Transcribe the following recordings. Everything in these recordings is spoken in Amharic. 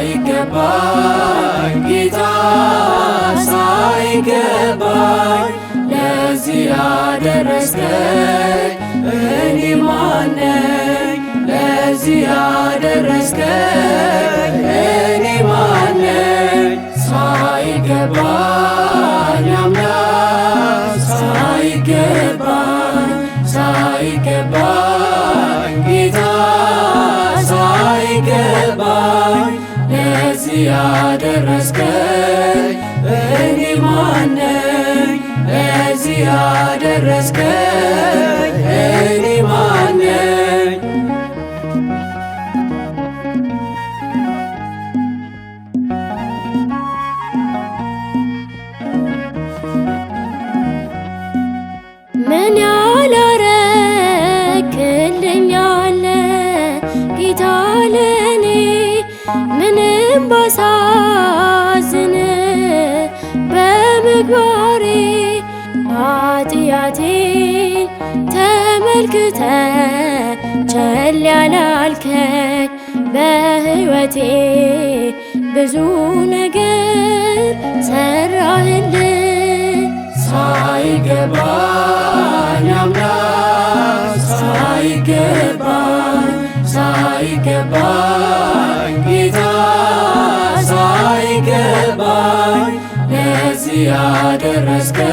ሳይገባኝ ጌታ ሳይገባኝ ለዚህ ያደረስከኝ እኔ ማነኝ? ለዚህ ያደረስከኝ እኔ ማነኝ? ሳይገባኝ አምላክ ሳይገባኝ ሳይገባኝ ጌታ ሳይገባኝ ለዚህ ያደረስከኝ እኔ ማነኝ? ለዚህ ያደረስከኝ እኔ ባሳዝን በምግባሬ ኃጢአቴን ተመልክተ ቸል ያላልከኝ በሕይወቴ ብዙ ነገር ሰራህልን ሳይገባኝ አምላክ ሳይገባኝ ሳይገባኝ ጌታ ያደረስከኝ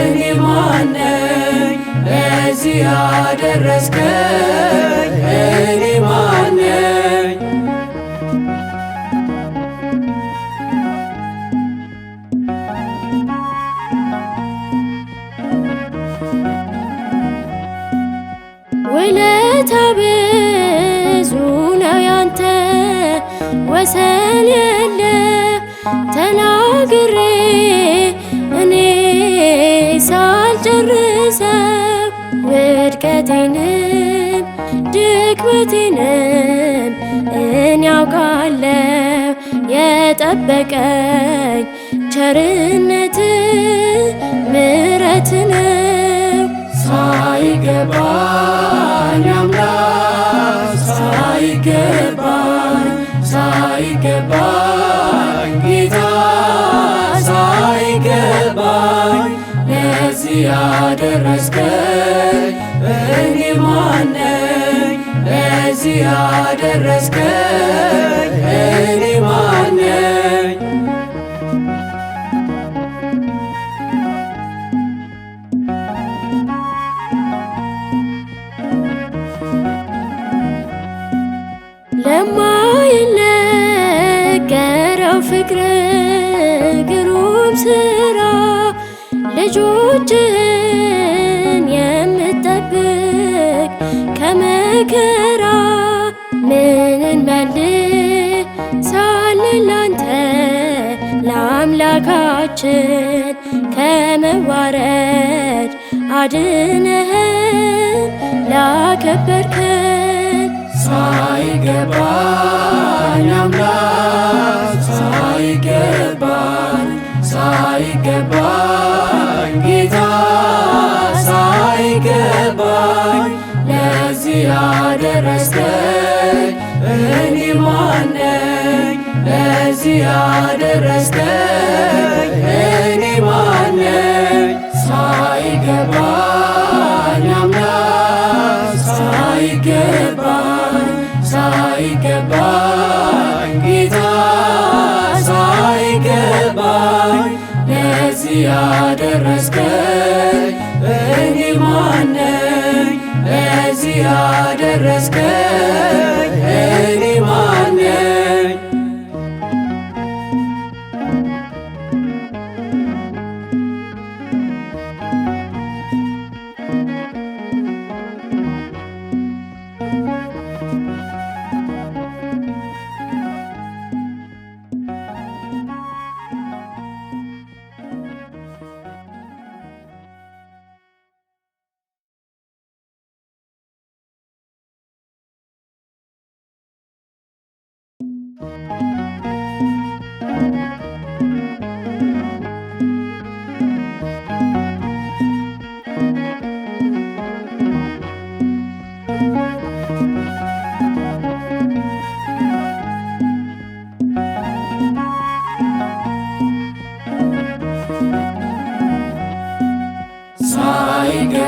እኔ ማነኝ? ለዚህ ያደረስከኝ እኔ ማነኝ? ውለታ ብዙ ነው ያንተ ወሰን የለ ተናግሬ እኔ ሳልጨርሰው ውድቀቴንም ድክመቴንም እኔ ያውቃለሁ የጠበቀኝ ቸርነት ምረት ነው ሳይገባኝ አምላክ ያደረስከኝ እኔ ማነኝ? ለማይነገረው ፍቅር ግሩም ስራ ልጆችህን የምጠብቅ ከመከ ምን እንመልሳለን ላንተ ለአምላካችን ከመዋረድ አድነኸን ላከበርከን ሳይገባን አምላክ ሳይገባን ሳይገባን ጌታ ሳይገባን ለዚህ አደረስከን እኔ ማነኝ ለዚህ ያደረስከኝ? እኔ ማነኝ ሳይገባኝ አምላክ ሳይገባኝ ሳይገባኝ ጌታ ሳይገባኝ ለዚህ ያደረስከኝ እኔ ማነኝ ለዚህ ያደረስከኝ Yeah.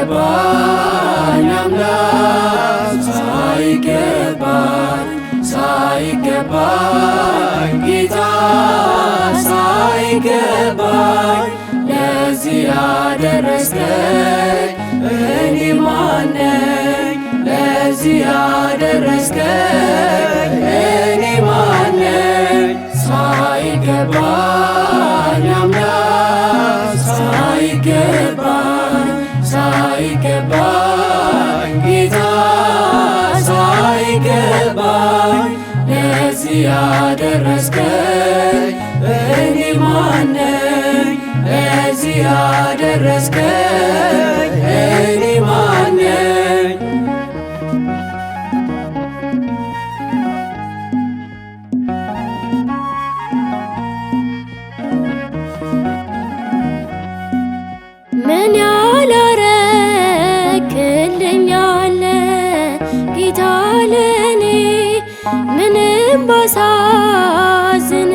Bye, Namda. Bye, Namda. ገባኝ ጌታ ሳይገባኝ ለዚህ ያደረስከኝ እኔ ማነኝ? ለዚህ ያደረስከኝ እኔ ማነኝ? ሳይገባኝ አምላክ ሳይገባኝ ያደረስከኝ እኔ ማነኝ? እዚህ ያደረስከኝ ባሳዝን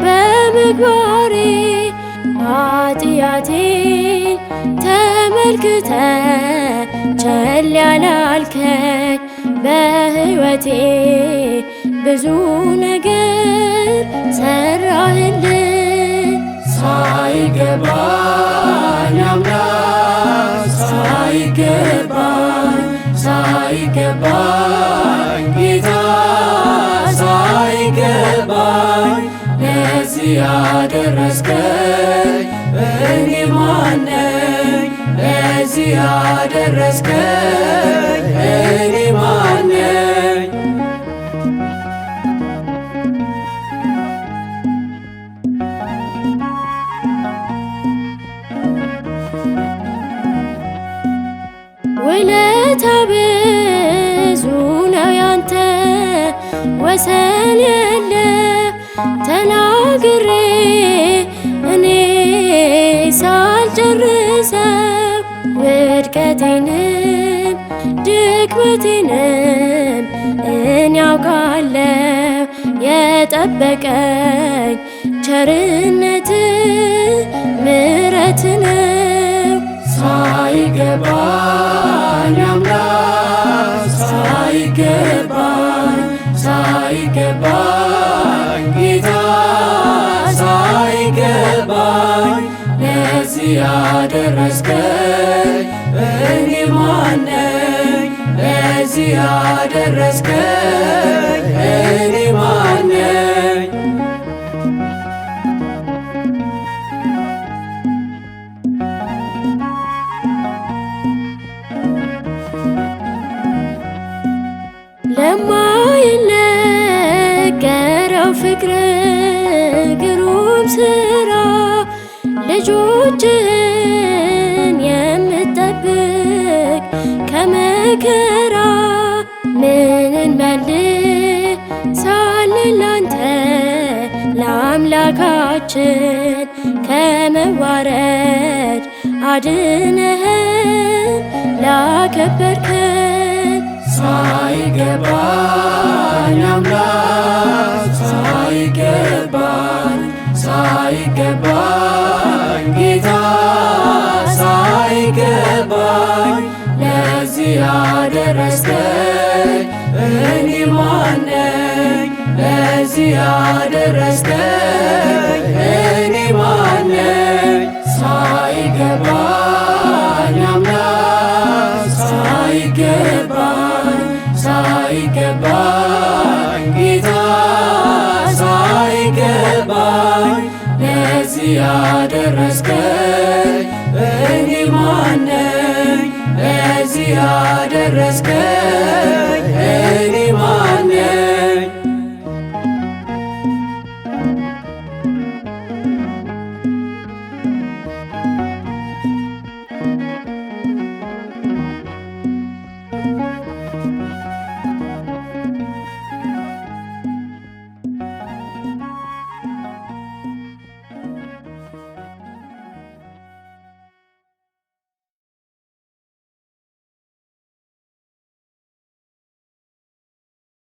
በምግባሬ ኃጢአቴን ተመልክተ ቸል ያላልከኝ በሕይወቴ ብዙ ነገር ሰራህልን ሳይገባኝ አምላክ ሳይገባኝ ሳይገባኝ ጌታ እዚህ ያደረስከኝ እኔ ማነኝ? እዚህ ያደረስከኝ እኔ ማነኝ? ውለታ ብዙ ነው ያንተ ወሰን የለ ተናግሬ እኔ ሳልጨርሰው ውድቀቴንም ድክመቴንም እኔ ያውቃለሁ የጠበቀኝ ቸርነት ምረት ነው ሳይገባኝ አምላክ ያደረስከኝ እኔ ማነኝ ለዚህ ያደረስከኝ ልጆችህን የምጠብቅ ከመከራ ምንን መልሳለን ላንተ ለአምላካችን ከመዋረድ አድነህን ላከበርከን ሳይገባን አምላክ ሳይገባን ሳይገባ ያደረስከኝ እኔ ማነኝ? ለዚህ ያደረስከኝ እኔ ማነኝ? ሳይገባኝ አምላክ ሳይገባኝ ሳይገባኝ ጌታ ሳይገባኝ ለዚህ ያደረስከኝ እኔ ማነኝ? ያደረስከኝ